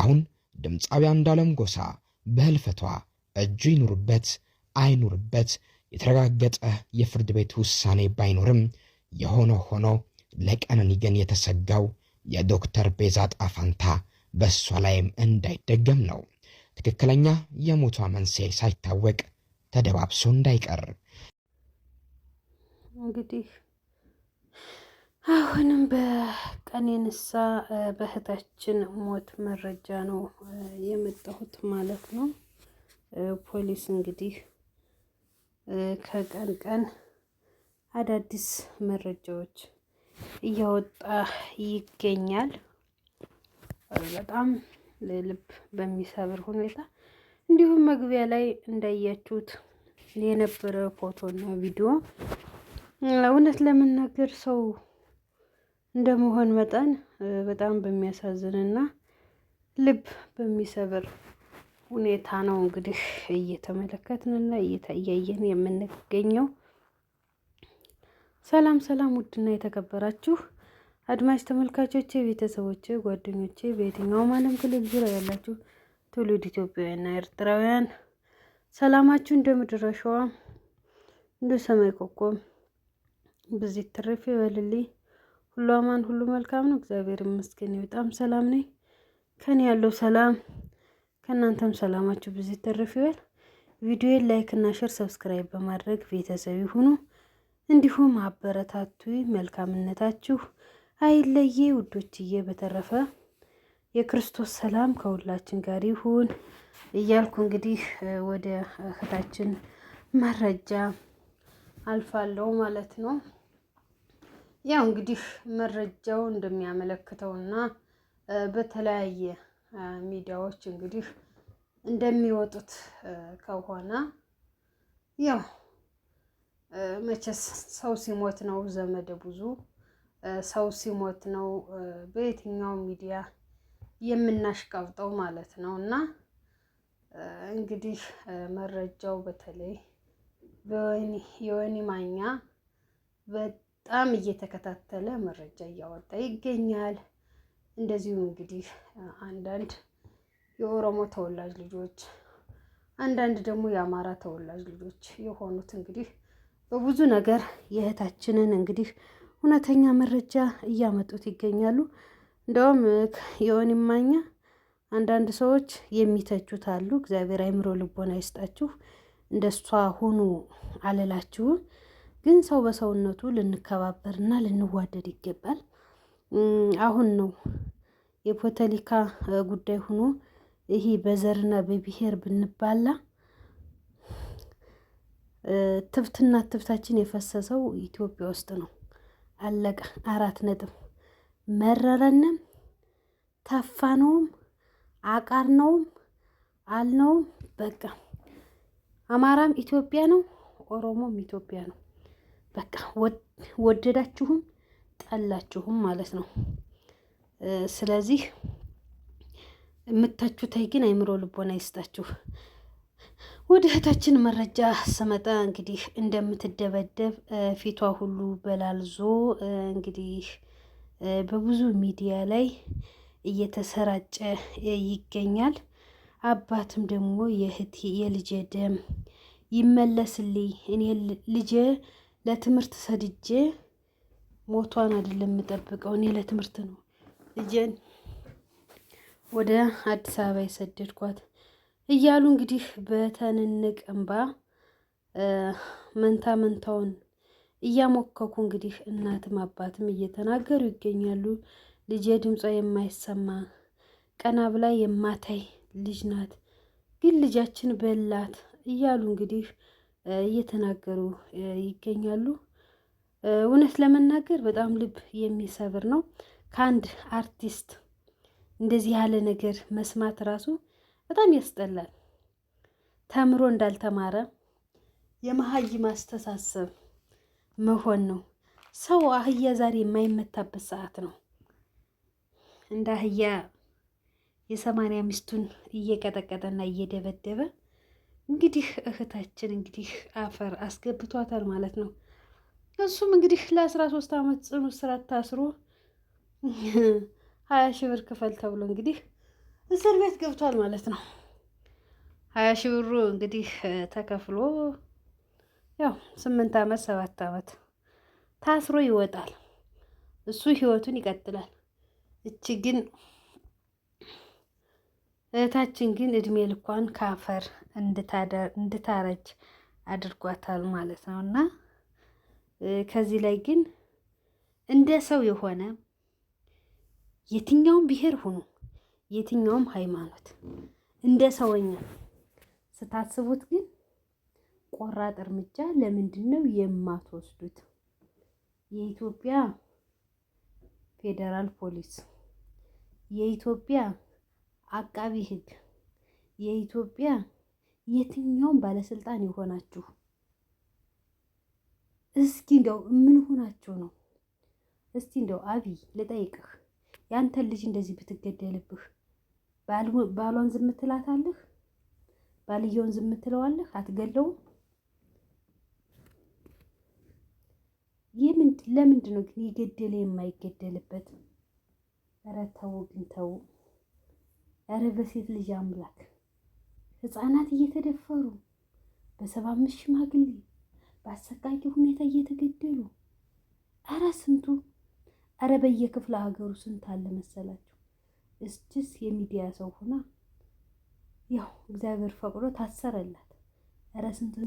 አሁን ድምፃዊ እንዳለም ጎሳ በህልፈቷ እጁ ይኑርበት አይኑርበት የተረጋገጠ የፍርድ ቤት ውሳኔ ባይኖርም የሆነ ሆኖ ለቀነኒ ግን የተሰጋው የዶክተር ቤዛ ጣፋንታ በእሷ ላይም እንዳይደገም ነው። ትክክለኛ የሞቷ መንስኤ ሳይታወቅ ተደባብሶ እንዳይቀር እንግዲህ አሁንም ቀኔንሳ በእህታችን ሞት መረጃ ነው የመጣሁት ማለት ነው። ፖሊስ እንግዲህ ከቀን ቀን አዳዲስ መረጃዎች እያወጣ ይገኛል። በጣም ልብ በሚሰብር ሁኔታ እንዲሁም መግቢያ ላይ እንዳያችሁት የነበረ ፎቶ እና ቪዲዮ እውነት ለመናገር ሰው እንደመሆን መጠን በጣም በሚያሳዝንና ልብ በሚሰብር ሁኔታ ነው እንግዲህ እየተመለከትንና እየታያየን የምንገኘው። ሰላም ሰላም! ውድና የተከበራችሁ አድማጭ ተመልካቾቼ፣ ቤተሰቦቼ፣ ጓደኞቼ በየትኛውም ዓለም ክልል ዙሪያ ያላችሁ ትውልድ ኢትዮጵያውያንና ኤርትራውያን ሰላማችሁ እንደ ምድር አሸዋ እንደ ሰማይ ኮከብ ብዚህ ትርፍ ይበልልኝ። ሁሉ አማን፣ ሁሉ መልካም ነው። እግዚአብሔር ይመስገን በጣም ሰላም ነኝ። ከኔ ያለው ሰላም ከእናንተም ሰላማችሁ ብዙ ይተረፍ ይበል። ቪዲዮን ላይክ እና ሼር፣ ሰብስክራይብ በማድረግ ቤተሰብ ይሁኑ። እንዲሁም አበረታቱ፣ መልካምነታችሁ አይለየ ውዶችዬ። በተረፈ የክርስቶስ ሰላም ከሁላችን ጋር ይሁን እያልኩ እንግዲህ ወደ እህታችን መረጃ አልፋለሁ ማለት ነው። ያው እንግዲህ መረጃው እንደሚያመለክተው እና በተለያየ ሚዲያዎች እንግዲህ እንደሚወጡት ከሆነ ያው መቼስ ሰው ሲሞት ነው ዘመድ ብዙ፣ ሰው ሲሞት ነው በየትኛው ሚዲያ የምናሽቀብጠው ማለት ነው። እና እንግዲህ መረጃው በተለይ የወኒ ማኛ በጣም እየተከታተለ መረጃ እያወጣ ይገኛል። እንደዚሁም እንግዲህ አንዳንድ የኦሮሞ ተወላጅ ልጆች አንዳንድ ደግሞ የአማራ ተወላጅ ልጆች የሆኑት እንግዲህ በብዙ ነገር የእህታችንን እንግዲህ እውነተኛ መረጃ እያመጡት ይገኛሉ። እንደውም የሆን ማኛ አንዳንድ ሰዎች የሚተቹት አሉ። እግዚአብሔር አይምሮ ልቦና ይስጣችሁ፣ እንደሷ ሁኑ አልላችሁም። ግን ሰው በሰውነቱ ልንከባበርና ልንዋደድ ይገባል። አሁን ነው የፖለቲካ ጉዳይ ሆኖ ይሄ በዘርና በብሔር ብንባላ ትብትና ትብታችን የፈሰሰው ኢትዮጵያ ውስጥ ነው። አለቀ። አራት ነጥብ። መረረንም ተፋነውም አቃርነውም አልነውም በቃ አማራም ኢትዮጵያ ነው፣ ኦሮሞም ኢትዮጵያ ነው። በቃ ወደዳችሁም ጠላችሁም ማለት ነው። ስለዚህ የምታችሁታይ ግን አይምሮ ልቦና ይስጣችሁ። ወደ እህታችን መረጃ ስመጣ እንግዲህ እንደምትደበደብ ፊቷ ሁሉ በላልዞ እንግዲህ በብዙ ሚዲያ ላይ እየተሰራጨ ይገኛል። አባትም ደግሞ የእህቴ የልጄ ደም ይመለስልኝ እኔ ልጄ ለትምህርት ሰድጄ ሞቷን አይደለም የምጠብቀው። እኔ ለትምህርት ነው ልጄን ወደ አዲስ አበባ የሰደድኳት እያሉ እንግዲህ በተንንቅ እንባ መንታ መንታውን እያሞከኩ እንግዲህ እናትም አባትም እየተናገሩ ይገኛሉ። ልጄ ድምጿ የማይሰማ ቀና ብላ የማታይ ልጅ ናት፣ ግን ልጃችን በላት እያሉ እንግዲህ እየተናገሩ ይገኛሉ። እውነት ለመናገር በጣም ልብ የሚሰብር ነው። ከአንድ አርቲስት እንደዚህ ያለ ነገር መስማት ራሱ በጣም ያስጠላል። ተምሮ እንዳልተማረ የመሀይም አስተሳሰብ መሆን ነው። ሰው አህያ ዛሬ የማይመታበት ሰዓት ነው። እንደ አህያ የሰማንያ ሚስቱን እየቀጠቀጠና እየደበደበ እንግዲህ እህታችን እንግዲህ አፈር አስገብቷታል ማለት ነው። እሱም እንግዲህ ለአስራ ሶስት ዓመት ጽኑ እስራት ታስሮ ሀያ ሺህ ብር ክፈል ተብሎ እንግዲህ እስር ቤት ገብቷል ማለት ነው። ሀያ ሺህ ብሩ እንግዲህ ተከፍሎ ያው ስምንት ዓመት ሰባት አመት ታስሮ ይወጣል። እሱ ህይወቱን ይቀጥላል። እች ግን እህታችን ግን እድሜ ልኳን ካፈር እንድታረጅ አድርጓታል ማለት ነው። እና ከዚህ ላይ ግን እንደ ሰው የሆነ የትኛውም ብሔር ሁኑ የትኛውም ሃይማኖት እንደ ሰውኛ ስታስቡት ግን ቆራጥ እርምጃ ለምንድን ነው የማትወስዱት? የኢትዮጵያ ፌዴራል ፖሊስ የኢትዮጵያ አቃቢ ህግ የኢትዮጵያ የትኛውም ባለስልጣን የሆናችሁ እስኪ እንደው ምን ሆናችሁ ነው? እስቲ እንደው አብይ ልጠይቅህ፣ ያንተን ልጅ እንደዚህ ብትገደልብህ ባሏን ዝም ትላታለህ? ባልየውን ዝም ትለዋለህ? አትገለውም? ለምንድን ነው ግን የገደለ የማይገደልበት? ኧረ ተው ግን ተው። ኧረ በሴት ልጅ አምላክ ህፃናት እየተደፈሩ በሰባ አምስት ሽማግሌ በአሰቃቂ ሁኔታ እየተገደሉ ኧረ ስንቱ ኧረ በየክፍለ ሀገሩ ስንት አለ መሰላችሁ። እስችስ የሚዲያ ሰው ሆና ያው እግዚአብሔር ፈቅዶ ታሰረላት። ኧረ ስንቱ